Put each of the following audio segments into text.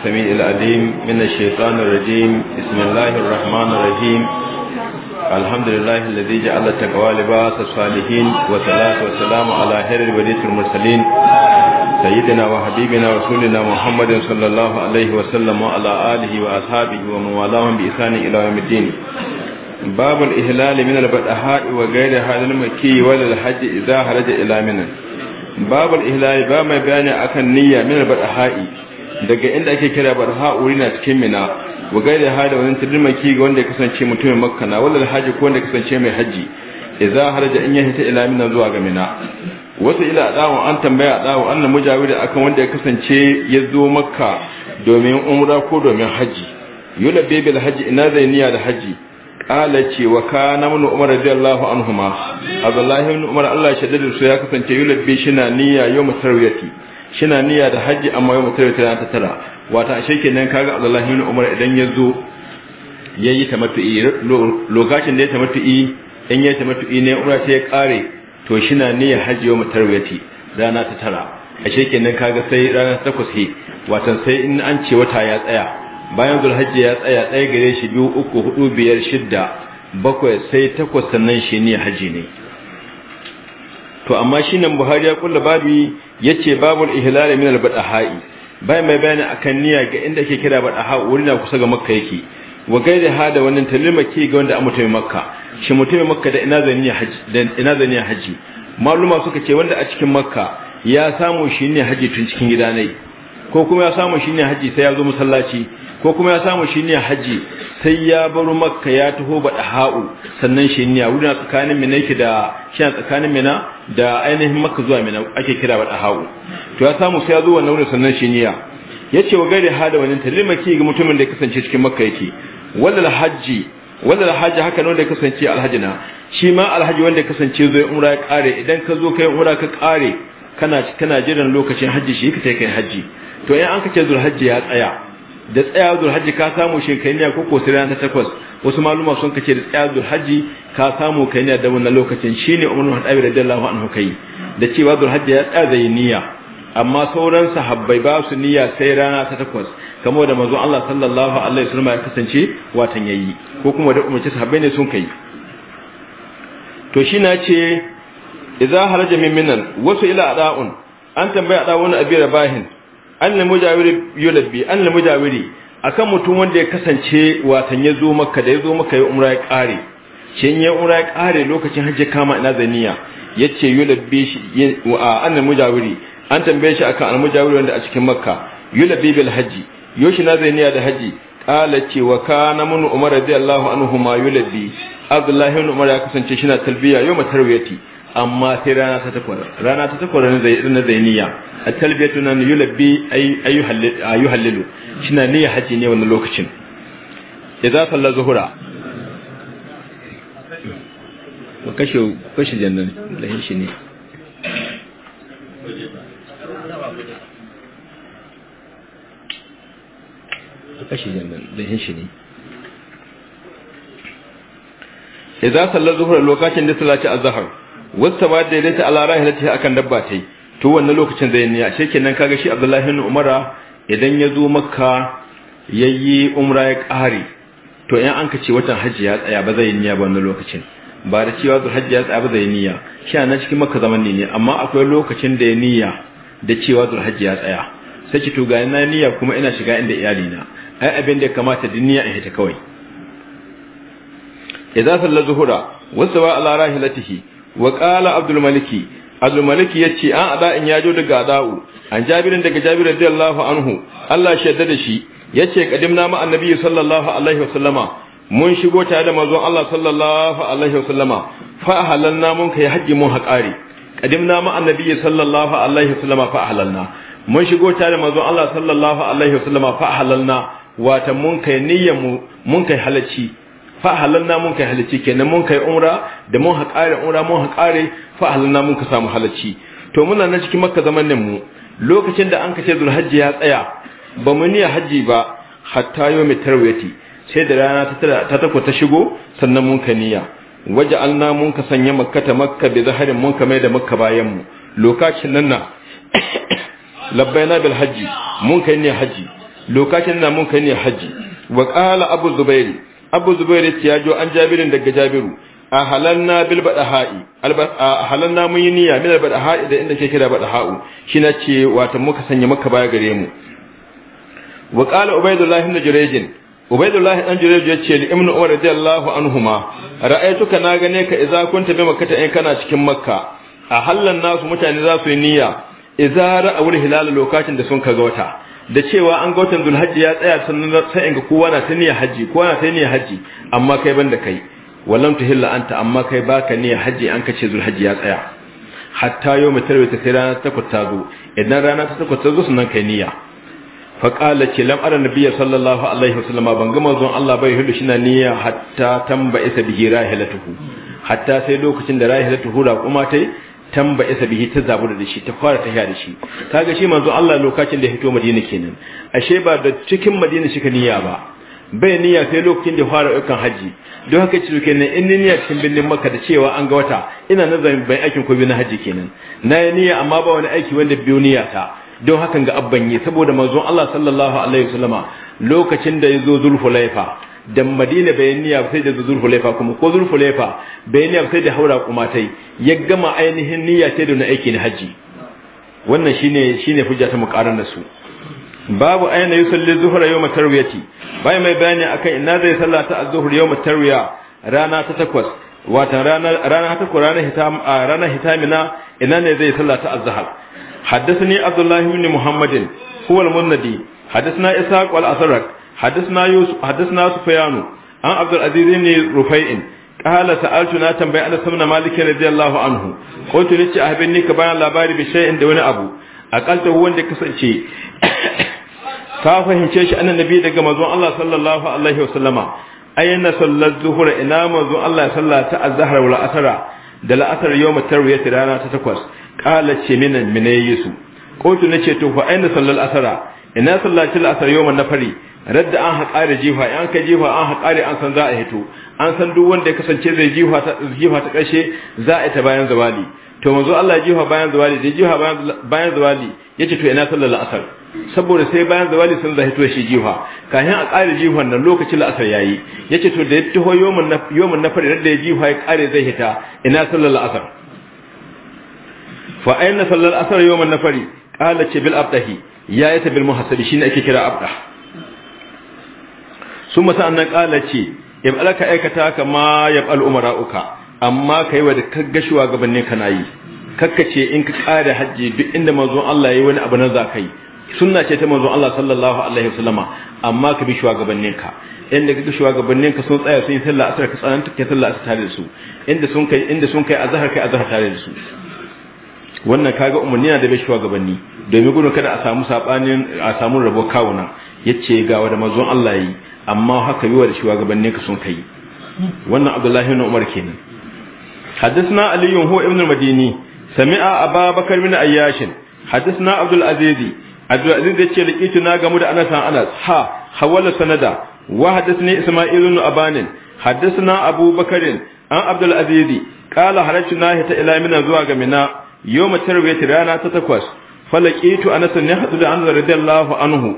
السميع العليم من الشيطان الرجيم بسم الله الرحمن الرحيم الحمد لله الذي جعل التقوى لباس الصالحين والصلاة والسلام على خير الوليد المرسلين سيدنا وحبيبنا رسولنا محمد صلى الله عليه وسلم وعلى آله وأصحابه ومن والاهم بإحسان إلى يوم الدين باب الإهلال من البدحاء وغيرها للمكي وللحج إذا خرج إلى منى بab al-ihlali ba mai bayani akan niyya min al-badha'i daga inda ake kira barha uri na cikin mina wa gaida ha da wani tirmaki ga wanda ya kasance mutumin makka na wallal haji ko wanda ya kasance mai haji idza haraja in ya hita ila mina zuwa ga mina wata ila dawo an tambaya dawo annan mujawida akan wanda ya kasance ya zo makka domin umra ko domin haji yula bebel haji ina zai niyya da haji kala ce wa kana mun umar radiyallahu anhuma abdullahi ibn umar Allah shaddadu su ya kasance yula be shi na niyya yau mutarwiyati shina niyya da haji amma ya mutum ta ta tara a sheke nan kaga Abdullahi ibn Umar idan ya zo yayi tamattu'i lokacin da ya tamattu'i in ya tamattu'i ne Umar sai ya kare to shina niyya haji yau mutarwati rana ta tara a sheke nan kaga sai rana takwas he watan sai in an ce wata ya tsaya bayan haji ya tsaya ɗaya gare shi biyu uku hudu biyar shidda bakwai sai takwas sannan shi ne haji ne to amma shi nan buhari ya kulle babi yace babul ihlal min al badahai bai mai bayani akan niyya ga inda ake kira badaha wuri na kusa ga makka yake wa gaida da wannan talima ke ga wanda an mutumin makka shi mutumin makka da ina zaniya haji da ina zaniya haji maluma suka ce wanda a cikin makka ya samu shi ne haji tun cikin gida ne ko kuma ya samu shi ne haji sai ya zo masallaci ko kuma ya samu shi niyyar haji sai ya baro makka ya taho da ha'u sannan shi niyyar wurin tsakanin mina yake da shi a tsakanin mina da ainihin makka zuwa mina ake kira da ha'u to ya samu sai ya zo wannan wurin sannan shi niyyar. ya ce wa gari hada wani talimaki ga mutumin da ya kasance cikin makka yake wallal hajji wanda alhaji haka ne wanda ya kasance alhaji na shi ma alhaji wanda ya kasance zo ya umra ya kare idan ka zo kai umra ka kare kana kana jiran lokacin haji shi ka kai haji to in an kace zuwa hajji ya tsaya da tsaya zulhajji ka samu shekaniya ko ko sirana ta takwas wasu maluma sun kace da tsaya zulhajji ka samu kai da wannan lokacin shine umar bin hadabi radiyallahu anhu kai da cewa zulhajji ya tsaya da niyya amma sauran sahabbai ba su niyya sai rana ta takwas kamar da manzo Allah sallallahu alaihi wasallam ya kasance watan yayi ko kuma da umarci sahabbai ne sun kai to shi na ce idza haraja min minan wasu ila ada'un an tambaya da wani abi rabahin an mujawiri yulabbi an mujawiri akan mutum wanda ya kasance watan ya zo maka da ya zo maka ya umra ya kare shin ya umra ya kare lokacin hajji kama ina zaniya yace yulabbi shi an mujawiri an tambaye shi akan al mujawiri wanda a cikin makka yulabbi bil hajji yoshi na zaniya da hajji qala ce wa kana mun umar radiyallahu anhu ma yulabbi abdullahi ibn umar ya kasance shi na talbiya yau matarwiyati amma sai rana ta takwas rana ta takwas na zainiya a talbiyatu nan yulabbi ayu ayu hallilu ne ya haji ne wannan lokacin idza salla zuhura wa kashe kashe jannan lahin shi ne kashe jannan lahin shi ne idza salla zuhura lokacin da sallaci azhar wasta ma daidaita ala rahilati akan dabba tai to wannan lokacin zai niyya ashe kenan kaga shi Abdullahi ibn Umara idan ya zo Makka yayi umra ya kare to in an kace watan hajji ya tsaya ba zai niyya ba wannan lokacin ba da cewa zu hajji ya tsaya ba zai niyya shi anan cikin Makka zaman ne amma akwai lokacin da ya niyya da cewa zu hajji ya tsaya sai ki to ga ina niyya kuma ina shiga inda iyali na ai abin da ya kamata din niyya in hita kawai idza salla zuhura wa sawa ala rahilatihi wa qala abdul maliki abdul maliki yace an ada in yajo daga ada'u an jabirin daga jabir radiyallahu anhu Allah shaidda da shi yace kadimna ma annabi sallallahu alaihi wasallama mun shigo tare da manzon Allah sallallahu alaihi wasallama fa halanna mun kai haji mun haƙari kadimna ma annabi sallallahu alaihi wasallama fa halanna mun shigo tare da manzon Allah sallallahu alaihi wasallama fa halanna wata mun kai niyyar mu mun kai halacci fa halalna mun kai halacci kenan mun kai umra da mun haƙare umra mun haƙare fa halalna mun ka samu halacci to muna nan cikin makka zamanin mu lokacin da an kace zulhajji ya tsaya ba mu niyya haji ba hatta yomi tarwiyati sai da rana ta tako ta shigo sannan mun ka niyya waje mun ka sanya makka ta makka bi zaharin mun ka mai da makka bayan mu lokacin nan na labbaina bil hajji mun kai niyya haji lokacin nan mun kai niyya haji wa qala abu zubairi abu zubair ya jo an jabirin daga jabiru a halanna bil badaha'i a halanna mun yi niyya min badaha'i da inda ke kira badaha'u shi na ce wata muka sanya maka baya gare mu wa qala ubaydullah ibn jurayj ubaydullah ibn jurayj ya ce li ibn umar radiyallahu anhuma ra'aytuka na gane ka idza kunta bi makkah in kana cikin makka a halan nasu mutane za su yi niyya idza ra'awul hilal lokacin da sun kaga wata da cewa an ga watan zulhajji ya tsaya sannan sai in ga kowa na ta niyyar haji kowa na ta niyyar haji amma kai ban da kai wallam tuhilla anta amma kai baka niyyar haji an ka ce zulhajji ya tsaya hatta yau mu tarbe ta sai rana ta kwata zo idan rana ta kwata zo sannan kai niyya fa qala ce lam ara nabiyya sallallahu alaihi wasallama ban ga manzon Allah bai hudu shina niyya hatta tambaye sa bihi rahilatuhu hatta sai lokacin da rahilatuhu da kuma tai tamba isa bihi ta zabu da shi ta fara tafiya da shi kaga shi manzo Allah lokacin da ya fito Madina kenan ashe ba da cikin Madina shi ka niyya ba bai niyya sai lokacin da fara ayyukan haji don haka ce kenan in niyya cikin birnin Makka da cewa an ga wata ina nazarin bai aikin ko na haji kenan na yi niyya amma ba wani aiki wanda biyo niyya ta don hakan ga abban yi saboda manzo Allah sallallahu alaihi wasallama lokacin da ya zo Zulhulaifa dan madina bayan niyya sai da hulefa kuma ko zulhulaifa bayan niyya sai da haura kumatai ya gama ainihin niyya sai da na aiki na haji wannan shine shine hujja ta muqarran da su babu aina yusalli zuhra yawm tarwiyati bai mai bayani akan ina zai sallata az zuhur yawm tarwiya rana ta takwas watan rana rana ta qur'ana hitam rana hitamina ina ne zai sallata az-zuhr حدثني عبد الله بن محمد هو المندي حدثنا إسحاق والأسرق حدثنا يوسف حدثنا سفيان عن عبد العزيز بن رفيع قال سألتنا تنبي أنس بن مالك رضي الله عنه قلت لك أهبني كبان لاباري بشيء دون أبو أقلت هو عندك سألتي ka fahimce shi annabi daga manzon Allah sallallahu alaihi wasallama ayyana sallar zuhura ina manzon Allah ya sallata azhar wal da la'asar yawm tarwiyat rana ta takwas qala ce minan minayisu qultu nace to fa aina sallal asara ina sallaci la'asar yoma na fari. radda an haƙa da jifa in an ka jifa an haƙa da an san za a hito an san duk wanda ya kasance zai jifa ta jifa ta ƙarshe za a ta bayan zawali to manzo Allah jifa bayan zawali da jifa bayan zawali yace to ina sallar la'asar saboda sai bayan zawali sun zai hito shi jifa kafin a ƙare jifan nan lokacin la'asar yayi yace to da ya taho yomin na yomin na fari da ya jifa ya ƙare zai hita ina sallar la'asar fa aina sallar asar yomin na fari qala ce bil abdahi ya yata bil muhasabi shine ake kira abdah sun masa annan kala ce in alaka aikata ka ma ya bal uka, amma kai wa da kagga ka kana yi kakkace in ka kada hajji duk inda manzon Allah yayi wani abu na zakai sunna ce ta manzon Allah sallallahu alaihi wasallama amma ka bi shugabannin ka inda kaga gabanin ka sun tsaya sun yi sallah asar ka tsananta ka sallah asar tare da su inda sun kai inda sun kai azhar kai azhar tare da su wannan kaga umarni na da bai shuwa gabanni, domin gudun kada a samu sabanin a samu rabo kawuna yace ga wanda manzon Allah yi amma haka yi wa da ne ka sun kai wannan abdullahi na umar ke nan hadisna Aliyu hu ibn madini sami'a aba bakar min ayyashin hadisna abdul azizi abdul azizi yace da kici na gamu da anas anas ha hawala sanada wa ne isma'il ibn abanin hadisna abu bakarin an abdul azizi qala halatu nahita ila mina zuwa ga mina yawma tarwiyat rana ta takwas falakitu anasan ne hadu da anzar radiyallahu anhu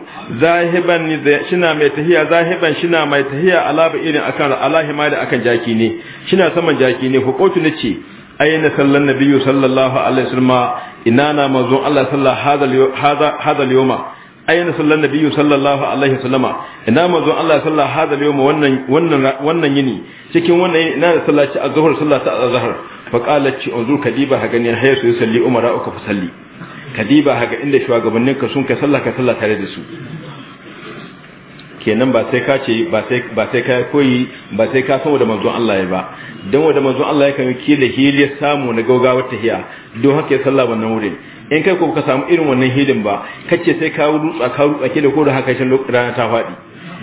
zahiban shina mai tahiya zahiban shina mai tahiya ala irin akan alahi ma da akan jaki ne shina saman jaki ne fa kotu na nace ayyana sallan nabiyyu sallallahu alaihi wasallam ina na manzon Allah sallallahu hadha hadha al-yawma ayyana sallan nabiyyu sallallahu alaihi wasallam ina manzon Allah sallallahu hadha al-yawma wannan wannan wannan yini cikin wannan yini ina da sallaci azhar sallata azhar fa qalat ci unzur kadiba ha gani hayya salli umara uka fa salli kadiba haka inda ka sun kai sallah ka sallah tare da su kenan ba sai ka ce ba sai ka koyi ba sai ka san da manzon Allah ya ba dan wanda manzon Allah ya kan yi da hili samu na gaugawar tahiya don haka ya sallah wannan wurin in kai ko ka samu irin wannan hilin ba kace sai ka rutsa ka rutsa ke da ko haka shin rana ta fadi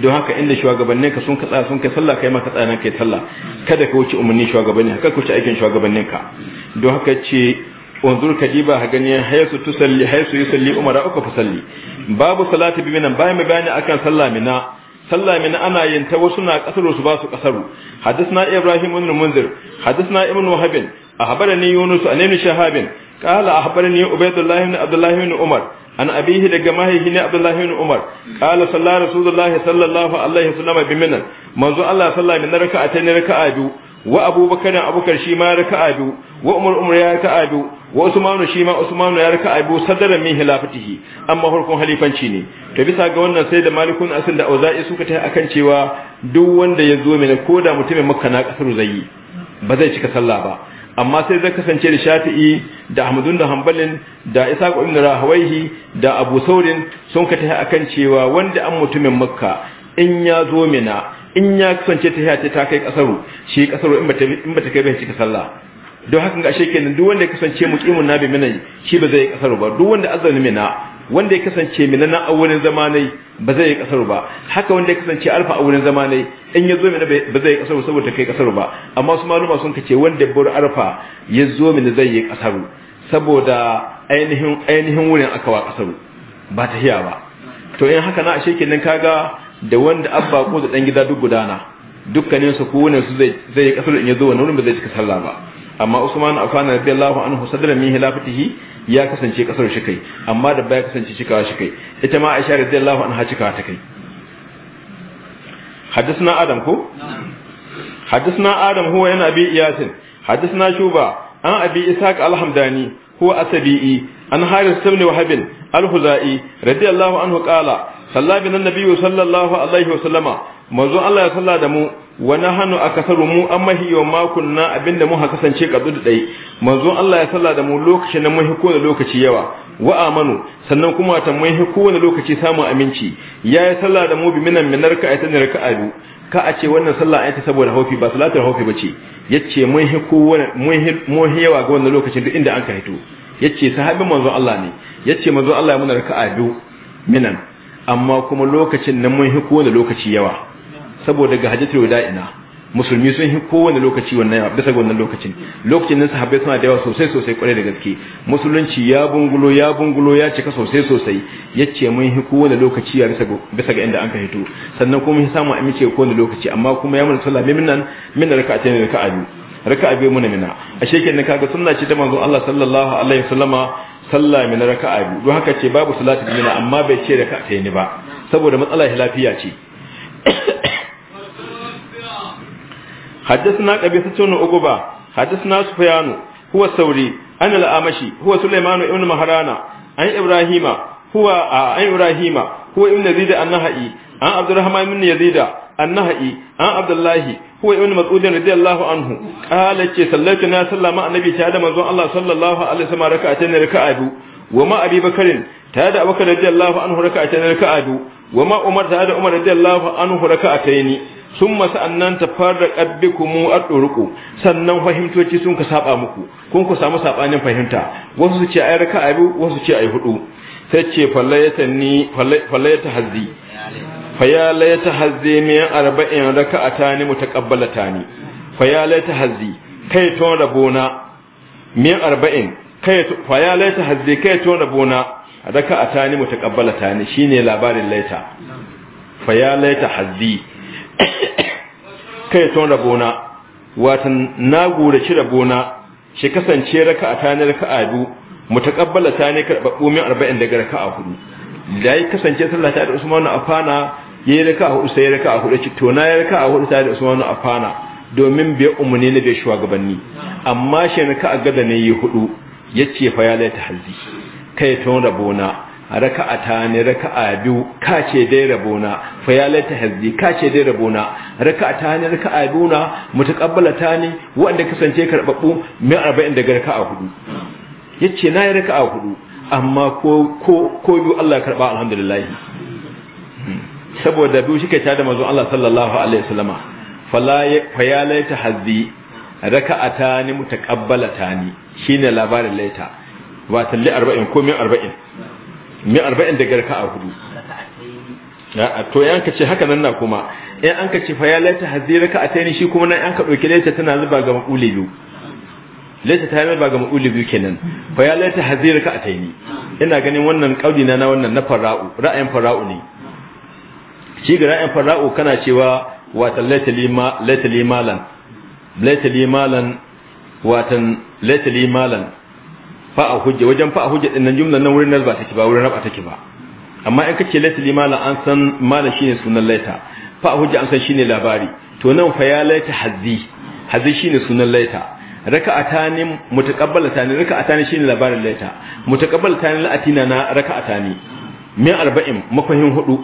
don haka inda shugabannin ka sun katsa sun kai sallah kai ma ka tsaya nan kai sallah kada ka wuce umarnin shugabanni haka ku ci aikin shugabannin ka don haka ce wanzur ka diba ha gani haisu salli haisu yusalli umara fi salli. babu salati bi minan bayan bayani akan sallah mina sallah mina ana yin ta wasu na kasar su ba su kasaru hadisna ibrahim ibn munzir hadisna ibn wahab ahbarani yunus an ibn shahab قال أخبرني عبيد الله بن عبد الله بن عمر عن أبيه لجماهي هنا عبد الله بن عمر قال صلى رسول الله صلى الله عليه وسلم بمنى منذ الله صلى من wa abubakar abubakar shi ma raka'a biyu wa umar umar ya raka'a biyu wa usmanu shi ma usmanu ya raka'a biyu sadaran min hilafatihi amma farkon halifanci ne to bisa ga wannan sai da malikun asil da auza'i suka ta akan cewa duk wanda ya zo mina mutum mutumin makka na kasar zai ba zai cika sallah ba amma sai zai kasance da shafi'i da ahmadun da hanbalin da isa ibn rahawaihi da abu saurin sun ka ta akan cewa wanda an mutumin makka in ya zo mina in ya kasance ta ce ta kai kasaru shi kasaru in ba in bata kai bai cika sallah don haka ga nan duk wanda ya kasance muqimun nabi minai shi ba zai yi kasaru ba duk wanda azan mina wanda ya kasance mina na awwalin zamanai ba zai yi kasaru ba haka wanda ya kasance alfa awwalin zamanai in ya zo mina ba zai yi kasaru saboda kai kasaru ba amma su maluma sun kace wanda bur alfa ya zo mina zai yi kasaru saboda ainihin ainihin wurin akawa kasaru ba ta hiya ba to in haka na a shekin nan kaga da wanda abba ko da dan gida duk gudana dukkanin su ko wannan su zai zai kasar in yazo wannan ba zai cika sallah ba amma Usman Affan radiyallahu anhu sadara min hilafatihi ya kasance kasar shi kai amma da baya kasance cikawa shi kai ita ma Aisha radiyallahu anha cikawa ta kai حدثنا آدم هو حدثنا آدم هو عن أبي إياس حدثنا شوبة عن أبي إسحاق الحمداني هو أسبيئي عن حارث بن وهب الخزائي رضي الله عنه قال salla bi nabiyyu sallallahu alaihi wa sallama manzo Allah ya salla da mu wa nahnu akasaru mu amma hiyo ma kunna abinda mu ha kasance da dai manzo Allah ya salla da mu lokacin nan mun hiko lokaci yawa wa amanu sannan kuma ta mun hiko lokaci samu aminci ya ya salla da mu bi minan ka a raka'adu ka a ce wannan a ayata saboda haufi ba salatul haufi ce. yace mun hiko mun yawa ga wannan lokacin duk inda an ka hito yace sahabin manzo Allah ne yace manzo Allah ya muna raka'a biyu minan amma kuma lokacin nan mun hiko wani lokaci yawa saboda ga hajjatul wada'ina musulmi sun hi kowane lokaci wannan yawa bisa wannan lokacin lokacin nan sahabbai suna da yawa sosai sosai kwarai da gaske musulunci ya bungulo ya bungulo ya cika sosai sosai yace mun hi kowane lokaci ya bisa ga inda anka hito sannan kuma mun samu amince kowane lokaci amma kuma ya mun sallah min nan min raka'atayn rak'a biyu rak'a biyu mun mina ashe kenan kaga sunna ce ta manzon Allah sallallahu alaihi wasallama sallah na raka ayabu. Do haka ce babu salatu gida. Amma bai ce da ka ake ni ba. Saboda matsala lafiya ce. Haddasa na kabe su tauna ugu ba. Haddasa na su hwaya nu. Kuwa sauri an Amashi. Kuwa su laima maharana. An Ibrahima. Kuwa a Ibrahima. Kuwa in zida an An Abdullahi ma zida. annahi an abdullahi huwa ibn mas'ud radiyallahu anhu qala ce sallatu na sallama annabi ta da manzon Allah sallallahu alaihi wasallam rak'atain rak'adu wa ma abi bakrin ta da abubakar radiyallahu anhu rak'atain rak'adu wa ma umar ta da umar radiyallahu anhu rak'atain summa sa'annan tafarraqat bikum ad-duruqu sannan fahimtoci sun ka saba muku kun ku samu sabanin fahimta wasu su ce ay rak'a biyu wasu su ce faya laita hazzi min arba'in raka'atani mutaqabbalatani faya laita hazzi kai ton rabona min arba'in kai faya laita hazzi kai ton rabona raka'atani mutaqabbalatani shine labarin laita faya laita hazzi kai ton rabona watan na gure shi rabona shi kasance raka'atani raka'a biyu mutaqabbalatani karbabbu min arba'in daga a hudu da ya kasance sallah ta da Usman afana. yayi raka hudu sai raka a hudu to na yayi raka a hudu tare da Usman fana domin bai umune na bai shugabanni amma shi raka a gada ne yi hudu yace fa ya laita hazi kai ton rabona raka'a ne raka'a biyu kace dai rabona fa ya laita hazi kace dai rabona raka'a ne raka'a biyu na ta ne wanda kasance karbabbu mai 40 daga raka'a hudu yace na yi raka'a hudu amma ko ko ko biyu Allah karba alhamdulillah hmm. saboda biyu shi ke tare da mazu Allah sallallahu alaihi wasallama fa ya laita hazi, raka a ta ni ta ni ne labarin laita ba talli 40 ko 140 140 daga a hudu to yan ka ce haka nan na kuma in an ka ce fa ya laita a ta ni shi kuma nan an ka ɗauki laita tana zuba ga maƙuli biyu laita ta yi ba ga maƙuli biyu kenan fa ya laita hazi ka a taini ina ganin wannan kauli na wannan na fara'u ra'ayin fara'u ne shi ga ra'ayin fara'u kana cewa watan laitali malan laitali malan watan laitali malan fa'a hujja wajen fa'a hujja ɗin nan jumlan nan wurin nazba take ba wurin raba take ba amma in kace laitali malan an san malan shine sunan laita fa'a hujja an san shine labari to nan fa ya laita hazzi hazzi shine sunan laita raka'atani mutaqabbalatani raka'atani shine labarin laita tani la'atina na raka'atani min arba'in mafahin hudu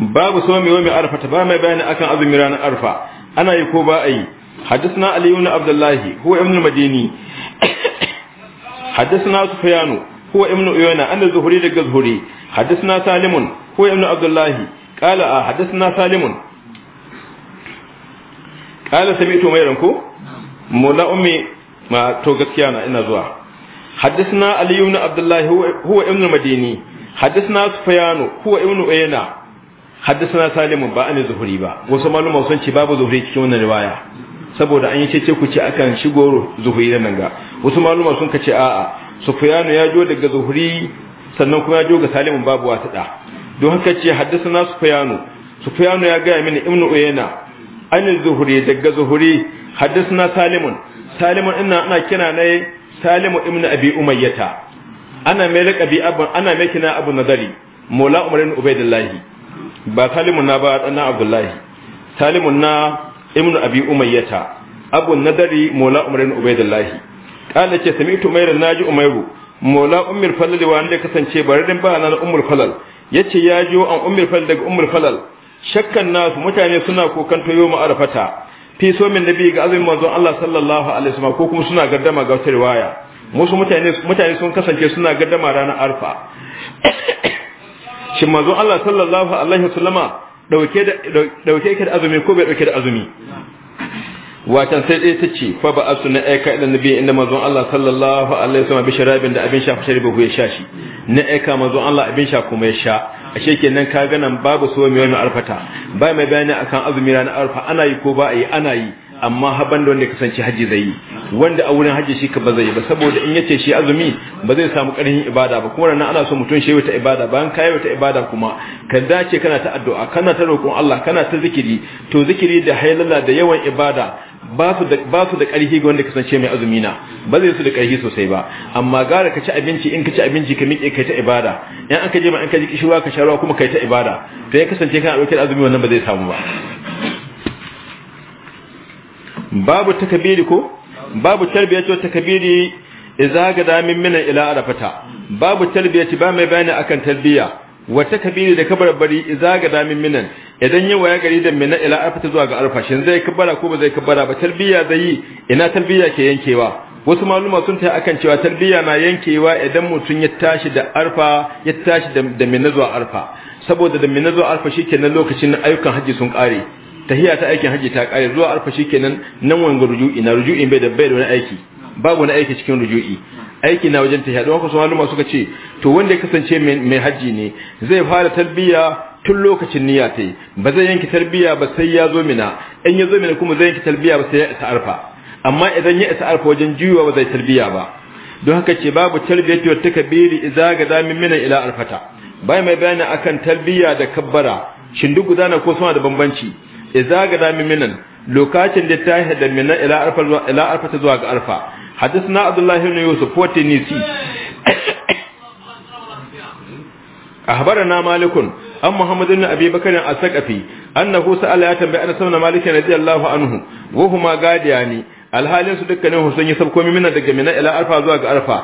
babu so mai wani arfa ta ba mai bayani akan azumi ranar arfa ana yi ko ba a yi hadisna aliyu na abdullahi huwa ibn madini hadisna sufyanu huwa ibn uyana an zuhuri daga zuhuri hadisna salimun huwa ibn abdullahi qala a ah, hadisna salimun qala sami'tu mai ranku mola ummi ma to gaskiya na ina zuwa hadisna aliyu na abdullahi huwa ibn madini hadisna sufyanu huwa ibn uyana حدثنا salimu ba an zuhuri ba wasu maluma sun ce babu zuhuri cikin wannan riwaya saboda an yi cece ku ce akan shigo zuhuri da nan ga wasu malum sun kace a'a sufyanu ya jo daga zuhuri sannan kuma ya jo ga salimu babu wata da don haka ce haddasa sufyanu sufyanu ya ga mini ibnu uyayna an zuhuri daga zuhuri haddasa salim salim ina ana kina ne salim ibnu abi umayyata ana mai laqabi abun ana mai kina abu nadari mola umar ibn ubaidillahi ba salimun na ba ɗana abdullahi salimun na ibnu abi umayyata abu nadari mola umarin ubaidullahi kana ce sami'tu na naji umayru mola ummul falal ne kasance barin ba na ummul falal yace ya jo an ummul falal daga umar falal shakkan nasu mutane suna kokan toyo mu arfata fi so min nabi ga azumin manzon Allah sallallahu alaihi wasallam ko kuma suna gaddama ga wata riwaya musu mutane mutane sun kasance suna gaddama ranar arfa shin mazo Allah sallallahu alaihi wasallama dauke da dauke yake da azumi ko bai dauke da azumi watan sai dai tace fa ba asu na aika da nabi inda mazo Allah sallallahu alaihi wasallama bi sharabin da abin sha fa sharibu ya sha shi na aika mazo Allah abin sha kuma ya sha ashe kenan ka nan babu so mai mai arfata ba mai bayani akan azumi ranar arfa ana yi ko ba a yi ana yi amma haban da wanda ya kasance haji zai yi wanda a wurin haji shi ka ba zai yi ba saboda in yace shi azumi ba zai samu karfin ibada ba kuma nan ana so mutum shi wata ibada bayan kai wata ibada kuma ka dace kana ta addu'a kana ta roƙon Allah kana ta zikiri to zikiri da haylala da yawan ibada ba su da ba su da ga wanda kasance mai azumi na ba zai su da karhi sosai ba amma gara ka ci abinci in ka ci abinci ka miƙe kai ta ibada in an ka je ma an ka ji kishirwa ka sharuwa kuma kai ta ibada to ya kasance kana ɗauke da azumi wannan ba zai samu ba babu takabiri ko babu tarbiyatu takabiri idza gada min mina ila arafata babu tarbiyati ba mai bayani akan tarbiya wa takabiri da kabar bari idza gada min minan idan yi waya gari da mina ila arafata zuwa ga arfa shin zai kabbara ko ba zai kabbara ba tarbiya zai yi ina tarbiya ke yankewa wasu maluma sun ta akan cewa tarbiya na yankewa idan mutum ya tashi da arfa ya tashi da mina zuwa arfa saboda da mina zuwa arfa shikenan lokacin ayyukan haji sun kare tahiya ta aikin hajji ta kare zuwa arfa kenan nan wanga ruju'i na rujui bai da bai da wani aiki babu wani aiki cikin ruju'i aiki na wajen tahiya don haka su maluma suka ce to wanda ya kasance mai hajji ne zai fara tarbiya tun lokacin niyya ta yi ba zai yanki tarbiya ba sai ya zo mina in ya zo mina kuma zai yanki tarbiya ba sai ya isa arfa amma idan ya isa arfa wajen juyuwa ba zai tarbiya ba don haka ce babu ta ta kabiri idza ga zamin mina ila arfata bai mai bayani akan tarbiya da kabbara shin duk gudana ko suna da bambanci Iza gada minan lokacin da ta hada mina ila arfa ila arfa ta zuwa ga arfa hadisna abdullahi ibn yusuf wa tinisi أخبرنا مالك أن محمد بن أبي بكر الثقفي أنه سأل يتم بأن سمن مالك رضي الله عنه وهما قادياني alhalin su dukkanin sun yi sabko minan daga mina ila alfa zuwa ga alfa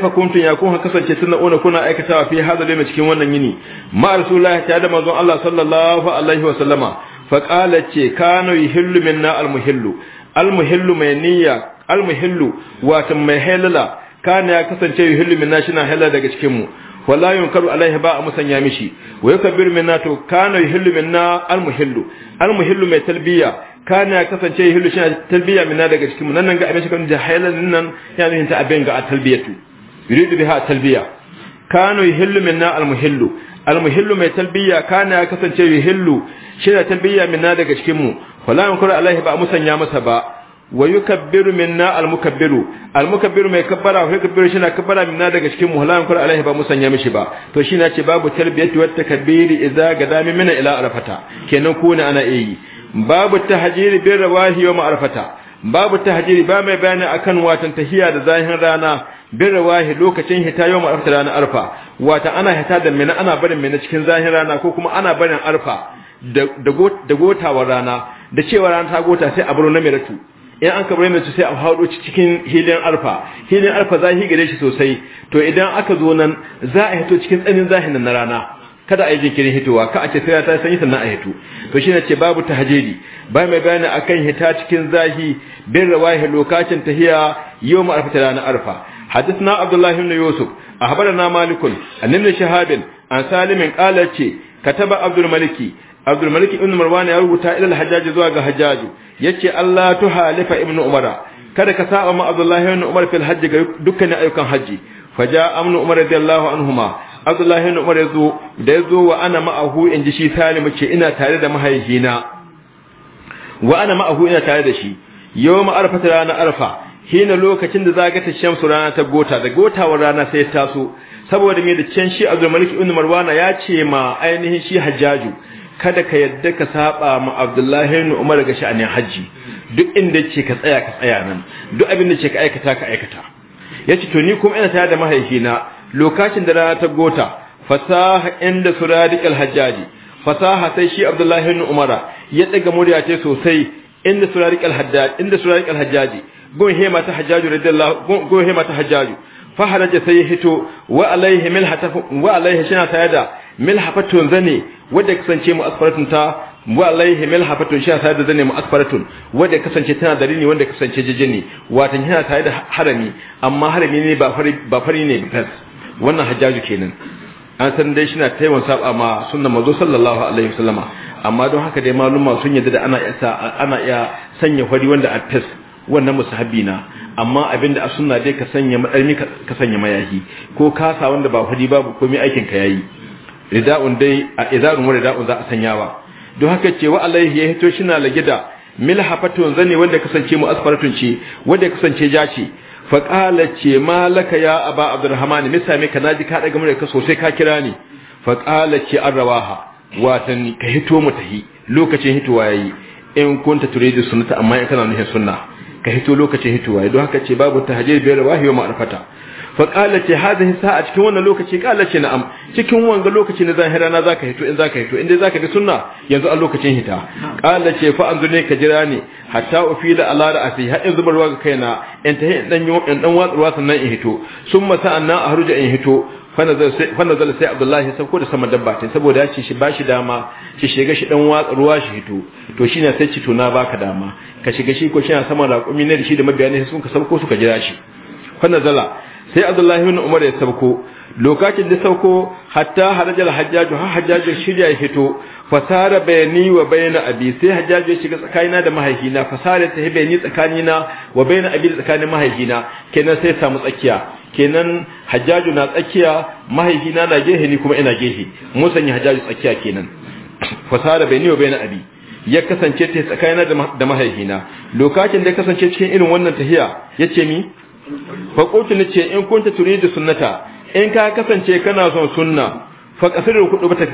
fa kuntum ya kun kasance tunda ona kuna aikatawa fi hadal mai cikin wannan yini ma rasulullahi ta da manzon Allah sallallahu alaihi wa sallama faƙala ce kano yuhillu minna almuhillu almuhillu mai niyya almuhillu wato mai halala kana ya kasance yuhillu minna shi na halala daga cikin mu wala yunkaru alaihi ba a musanya mishi wa yakbiru minna to kana yuhillu minna almuhillu almuhillu mai talbiya kana ya kasance yuhillu shi talbiya minna daga cikin mu nan nan ga abin shi kan da halalan nan ya ta abin ga talbiyatu yuridu biha talbiya kana yuhillu minna almuhillu almuhillu mai talbiya kana ya kasance yuhillu shi da talbiya minna daga cikin mu wala yunkuru alaihi ba musanya masa ba wa yukabbiru minna almukabbiru almukabbiru mai kabbara wa yukabbiru shi na kabbara minna daga cikin mu wala yunkuru alaihi ba musanya mishi ba to shi ne ce babu talbiyatu wa takbiri idza gada mina ila arfata kenan ko ne ana yi babu tahjiri bir rawahi wa ma'arfata babu tahjiri ba mai bayani akan watan tahiya da zahirin rana bin rawahi lokacin hita yau ma'arfa ranar arfa wata ana hita da mina ana barin mina cikin zahirin rana ko kuma ana barin arfa da gotawa rana da cewa rana ta gota sai a baro na miratu in an bar mai sai a haɗo cikin hilin arfa hilin arfa zahi gare shi sosai to idan aka zo nan za a hito cikin tsanin zahirin na rana kada a yi jinkirin hitowa ka a ce sai ta sanyi sannan a hito to shi ce babu ta hajeri ba mai bayani akan hita cikin zahi bin rawahi lokacin ta hiya yau ma arfa ta arfa hadisna abdullahi ibn yusuf a habar na malikun a shahabin an salimin kalar ce kataba abdul maliki abdul maliki ibn marwan ya rubuta ila hajjaji zuwa ga hajjaji yace allah tu halifa ibn umara kada ka saba ma abdullahi ibn umar fil hajji dukkan ayyukan hajji faja amnu umar radiyallahu anhuma abdullahi ibn umar yazo da yazo wa ana ma'ahu in ji shi salimu ce ina tare da mahaifina wa ana ma'ahu ina tare da shi Yau arfa rana arfa hina lokacin da za ka ta shamsu rana ta gota da gotawar rana sai ta taso saboda me da can shi abdul malik ibn marwana ya ce ma ainihin shi hajjaju kada ka yadda ka saba ma abdullahi ibn umar ga sha'anin haji duk inda ce ka tsaya ka tsaya nan duk abin da ce ka aikata ka aikata yace to ni kuma ina tare da mahaifina lokacin da rana ta gota fasaha inda suradiq al-hajjaji fasaha sai shi abdullahi ibn umara ya daga murya ce sosai inda suradiq al-hajjaji inda suradiq al-hajjaji gon hema ta hajjaji radiyallahu gon hema ta hajjaji fa halaja sai hito wa alaihi milhata wa alaihi shina tare da milhafatun zane wanda kasance mu asfaratun ta wa alaihi milhafatun shina tare da zane mu asfaratun wanda kasance tana dari ne wanda kasance jijini watan yana tare da harami amma harami ne ba fari ba fari ne wannan hajjaju kenan an san dai shi na taiwon saba ma sunna mazo sallallahu alaihi wasallama amma don haka dai maluma sun yadda da ana isa ana iya sanya fari wanda a fes wannan musahabi na amma abinda a sunna dai ka sanya madarmi ka sanya mayahi ko kasa wanda ba fari babu komai aikin ka yayi rida'un dai a izarun wani rida'un za a sanyawa don haka ce wa alaihi ya hito shi na lagida milhafatun zane wanda kasance mu asfaratun ce wanda kasance ja ce faƙala ce malaka ya aba abdurrahman me same ka naji ka daga murya ka sosai ka kira ni faƙala ce an rawaha watan ka hito mu tahi lokacin hitowa yayi in kunta turidu sunnata amma in kana nuhin sunna ka hito lokacin hitowa don haka ce babu tahajjud bi rawahi wa ma'rifata fa qala ce hadhihi sa'a cikin wannan lokaci qala ce na'am cikin wanga lokaci na zahira na zaka hito in zaka hito in dai zaka ga sunna yanzu a lokacin hita Ƙalace ce fa anzu ka jira ni hatta ufila ala ra'si har in zubarwa ga kaina in tahi dan yo in dan watsarwa sannan in hito summa sa'anna ahruja in hito fanazal sai abdullahi sauko da sama dabba ta saboda ya ce shi ba shi dama shi shiga shi dan watsa ruwa shi hito to shi na sai ci tona baka dama ka shiga shi ko shina sama raƙumi ne da shi da mabiyanai sun ka sauko suka jira shi fanazala sai abdullahi bin umar ya sauko lokacin da sauko hatta harajal hajjaju har hajjaju shirya ya hito fasara bayani wa bayna abi sai hajjaju ya shiga tsakanina da mahaihina fasara sai bayani tsakanina wa bayna abi tsakanin mahaifina, kenan sai samu tsakiya kenan hajjaju na tsakiya mahaifina na gehe ni kuma ina gehe mun sanya hajjaju tsakiya kenan fasara bai niyo bai na abi ya kasance ta tsakaina da mahaifina lokacin da ya kasance cikin irin wannan tahiya ya ce mi faƙoƙin ce in kunta turi da sunnata in ka kasance kana son sunna faƙasar da hudu ba ta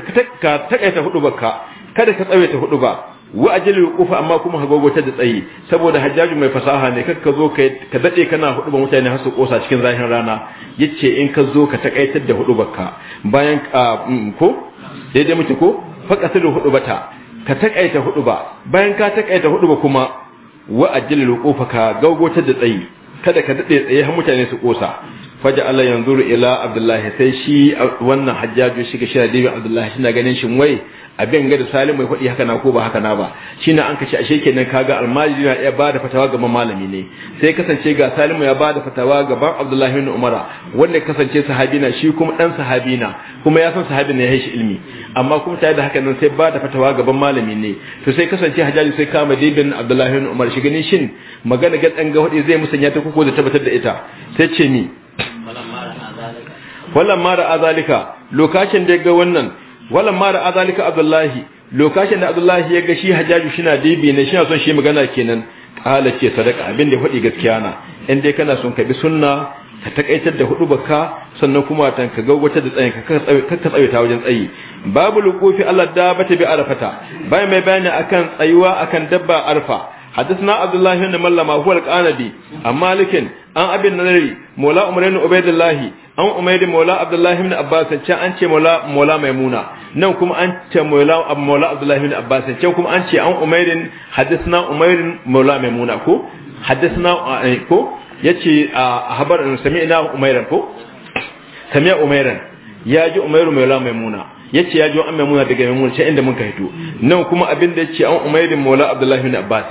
taƙaita hudu ba ka kada ka tsawaita hudu ba wa ajali kufa amma kuma ta da tsayi saboda hajjaju mai fasaha ne kakka zo ka dade kana hudu ba mutane har su kosa cikin zahirin rana yace in ka zo ka takaitar da hudu bakka bayan ah, mm, ko daidai muke ko faqatul hudu bata ka takaita hudu ba bayan ka takaita hudu ba kuma wa ajali kufa ka ta da tsayi kada ka dade tsaye har mutane su kosa faja Allah yanzu ila Abdullahi sai shi wannan hajjaju shi ga shi da Abdullahi shi na ganin shi wai abin ga da Salim mai fadi haka na ko ba haka na ba shi na an kace ashe kenan kaga almajiri na iya bada fatawa ga malami ne sai kasance ga Salim ya bada fatawa ga ban Abdullahi bin Umara wanda kasance sahabi na shi kuma dan sahabi na kuma ya san sahabi ne ya shi ilmi amma kuma tare da haka nan sai bada fatawa ga ban malami ne to sai kasance hajjaji sai kama dibin Abdullahi bin Umar shi ganin shin magana ga dan ga hudi zai musanya ta kuko da tabbatar da ita sai ce ni ma da azalika lokacin da ya ga wannan ma da azalika abdullahi lokacin da abdullahi ya ga shi hajjaju shina dibi ne shi son shi magana kenan kala ce sadaka abin da ya gaskiya na in dai kana son ka bi sunna ka takaitar da hudu baka sannan kuma tan ka wata da tsayin ka ka wajen tsayi babu lukufi Allah da bata bi arfata bai mai bayani akan tsayuwa akan dabba arfa حدثنا عبد الله بن ملما هو القانبي عن مالك عن ابي النضر مولى عمر بن عبيد الله an umaydi mola abdullahi ibn abbas ce an ce mola mola maimuna nan kuma an ce mola mola abdullahi ibn abbas ce kuma an ce an umaydin hadisna umaydin mola maimuna ko hadisna eh, ko yace a habar sami'na umayran ko sami'a umayran ya ji umayru mola maimuna yace ya ji an maimuna daga maimuna ce inda muka hito nan kuma abin da yace an umaydin mola abdullahi ibn abbas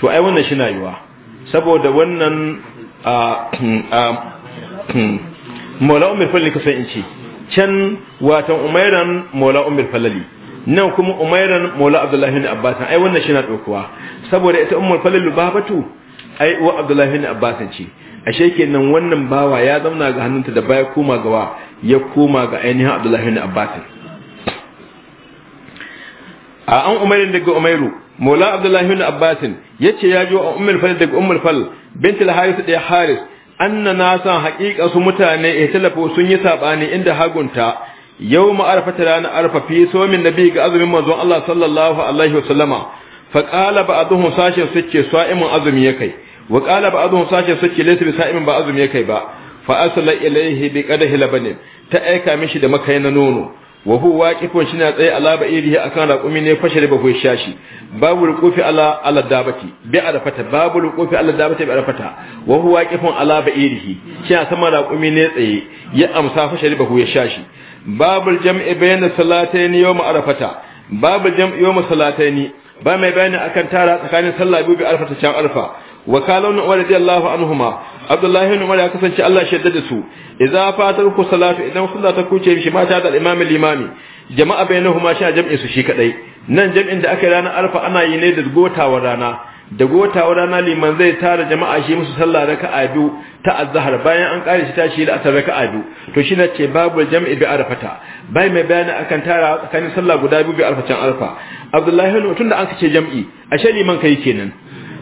to ai wannan shi na yiwa saboda wannan Hmm. mola umar falali ka san in ce can watan umairan mola umar falali nan kuma umairan mola abdullahi ibn abbasan ai wannan shi na dokuwa saboda ita umar falali batu ai wa abdullahi ibn abbasan ce ashe nan wannan bawa ya zauna ga hannunta da baya koma gawa ya koma ga ainihin abdullahi ibn abbasan a an umairan daga umairu mola abdullahi abbasan ya ce ya jo a umar falali daga umar fal bintul haris da haris anna nasan haƙiƙa su mutane ihtalafu sun yi sabani inda hagunta yau ma'arfata ranar arfa fi somin nabi ga azumin manzon Allah sallallahu alaihi wasallama fa qala ba'dhum sashin suke sa'imin azumi yake wa qala ba'dhum sashin suke laysa sa'imin ba azumi yake ba fa asala ilaihi bi qadahi labanin ta aika mishi da makai na nono wa huwa waqifun shi na tsaye ala ba'irihi akan raqumi ne fashari ba kuwa shashi babu ruqufi ala ala dabati bi arafata babu ruqufi ala dabati bi arafata wa huwa waqifun ala ba'irihi shi na sama raqumi ne tsaye ya amsa fashari ba kuwa shashi babu jam'i bayna salatayn yawm arafata babu jam'i yawm salatayn ba mai bayani akan tara tsakanin sallah biyu bi arfata can alfa wa kala ibn umar radiyallahu umar ya kasance Allah shaidda da su idza fatar ku salatu idan sallah ta kuce mishi mata da imam limami jama'a bainahuma sha jam'i su shi kaɗai. nan jam'in da aka yi ranar arfa ana yi ne da gotawa rana da gotawa rana liman zai tara jama'a shi musu sallah raka'a biyu ta azhar bayan an kare shi tashi da asar raka'a biyu to shi ne ce babu jam'i bi arfata bai mai bayani akan tara tsakanin sallah guda biyu arfa can arfa. abdullahi ibn tunda an kace jam'i ashe liman kai kenan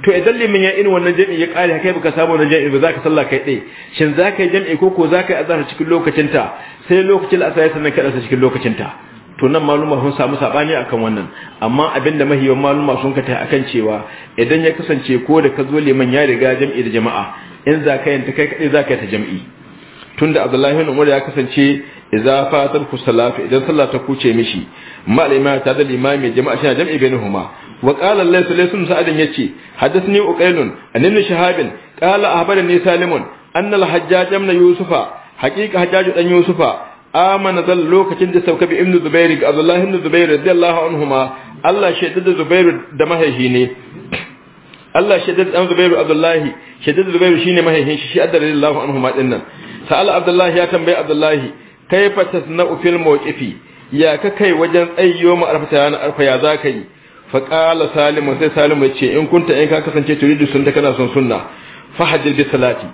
to idan limin ya irin wannan jami'i ya kare kai baka samu wannan jami'i ba za ka sallah kai dai shin za ka yi jami'i ko ko za ka yi azhar cikin lokacin ta sai lokacin asar sannan ka dasa cikin lokacin ta to nan maluma sun samu sabani akan wannan amma abinda mahiyan maluma sun ka ta akan cewa idan ya kasance ko da ka zo liman ya riga jami'i da jama'a in za ka yanta kai kadai za ka yi ta jami'i tunda Abdullahi bin Umar ya kasance idza fatat salatu idan sallah ta kuce mishi ma al-imam ta da limami jama'a shi jam'i bainahuma wa qala laysa laysa sa'adin yace hadathni uqailun annabi shahabin qala ahbarani salimun anna al-hajjaj ibn yusufa Haƙiƙa hajjaj dan yusufa amana zan lokacin da sauka bi ibn zubair ga abdullah ibn zubair radiyallahu anhuma Allah shaidar da Zubairu da mahaihi ne Allah shaidar da Zubairu abdullahi shaidar da Zubairu shine mahaihin shi shi radiyallahu anhuma dinnan sa'al abdullahi ya tambaye abdullahi kaifa tasna'u fil mawqifi ya ka kai wajen tsayyo mu arfata yana arfa ya zaka yi fa qala salim sai salim ya ce in kunta in ka kasance turidu sun da kana son sunna fa hajjil bi salati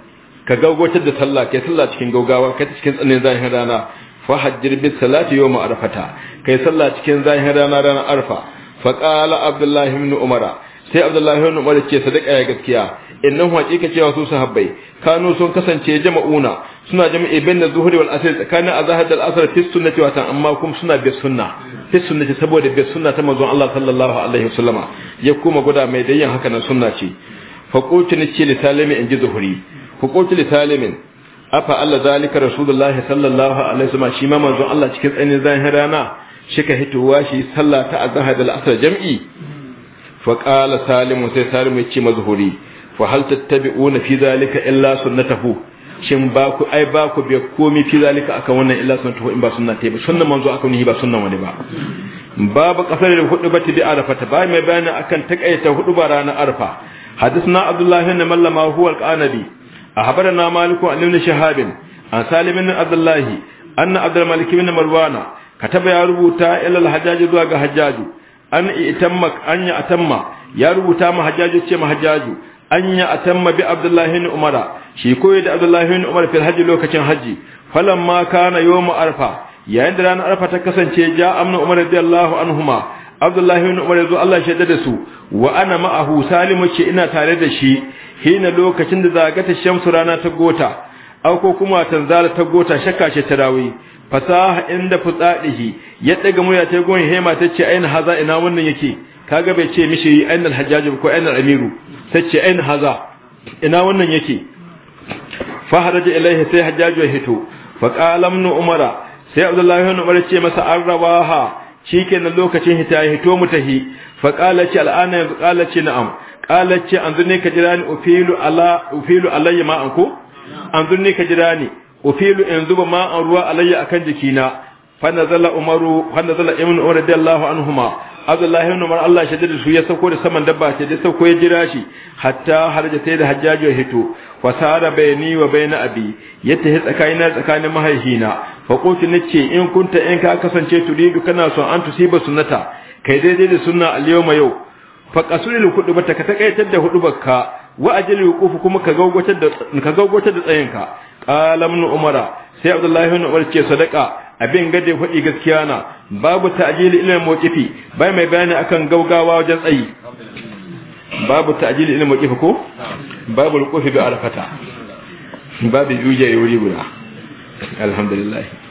ka gaugotar da sallah kai sallah cikin gaugawa kai cikin tsanin zahin rana fa hajjil bi salati yawm arfata kai sallah cikin zahin rana ranar arfa fa qala abdullahi ibn umara sai abdullahi ibn umar ce sadaka ya gaskiya innahu haqiqa cewa su sahabbai kanu sun kasance jama'una suna jami'i bain zuhuri zuhri wal asr tsakanin azhar da al-asr fi sunnati amma kuma suna bi sunna fi sunnati saboda bi sunna ta manzon Allah sallallahu alaihi wasallama ya kuma guda mai dayyan haka nan sunna ce fa qutni ce li salimi in ji zuhri fa qutni li salimin afa Allah zalika rasulullah sallallahu alaihi wasallama shi ma manzon Allah cikin hitowa shi sallah ta azhar da asr jami'i fa qala salimu sai salimu ya ce mazhuri fa hal tattabi'una fi zalika illa sunnatahu shin ba ku ai ba ku bai komi fi zalika akan wannan illa sun tuhu in ba sunna ta ba sunnan manzo akan ni ba sunnan wani ba babu kasar da hudu ba ta bi arafa ta ba mai bayani akan takaita hudu ba ranar arfa hadisna abdullahi ibn mallama huwa al-qanabi ahbarana maliku an ibn shahab an salim ibn abdullah anna abdul malik ibn marwana kataba ya rubuta ila al-hajjaj zuwa ga hajjaju an itamma an ya atamma ya rubuta ma hajjaju ce ma hajjaju Anya a atamma bi abdullahi ibn umara shi koyi da abdullahi ibn umar fil hajji lokacin hajji falamma kana yawmu arfa yayin da ranar arfa ta kasance ja amna umar radiyallahu anhuma abdullahi ibn umar yazo Allah shaida da su wa ana ma'ahu salimu ce ina tare da shi hina lokacin da zagata shamsu rana ta gota aw ko kuma tanzala ta gota shakka shi tarawi fasaha inda fitsadihi ya daga murya ta gon hema tace aina haza ina wannan yake kaga bai ce mishi ainal hajjaj ko ainal amiru tace aina haza ina wannan yake fa haraja ilaihi sai hajjaj ya hito fa qala ibn umara sai abdullahi ibn umara ce masa arrabaha shikenan lokacin hita ya hito mutahi fa qala ce al'ana yanzu qala ce na'am qala ce an ne ka jira ni ufilu ala ufilu alayya ma ko an zurni ka jira ni ufilu in zuba ma an ruwa alayya akan jikina fa nazala umaru fa nazala ibn umar radiyallahu anhuma abdullahi ibn umar Allah shaddada su ya sauko da saman dabba ce da sauko ya jira shi hatta harja sai da hajjaji ya hito wa sara bayni wa bayna abi yatta hi tsakanina tsakanin mahaihina fa qultu nace in kunta in ka kasance turidu kana son an tusiba sunnata kai daidai da sunna al yau fa qasulil kudu ta ka takaitar da hudu wa ajali wuqufu kuma ka gaugwatar da ka gaugwatar da tsayinka qala ibn umara sai abdullahi ibn umar ce sadaka abin gade faɗi gaskiya na babu ta'jili ilal mawqifi bai mai bayani akan gaugawa wajen tsayi babu ta'jili ilal mawqifi ko babu alqufi bi arfata babu yuje yuri guda alhamdulillah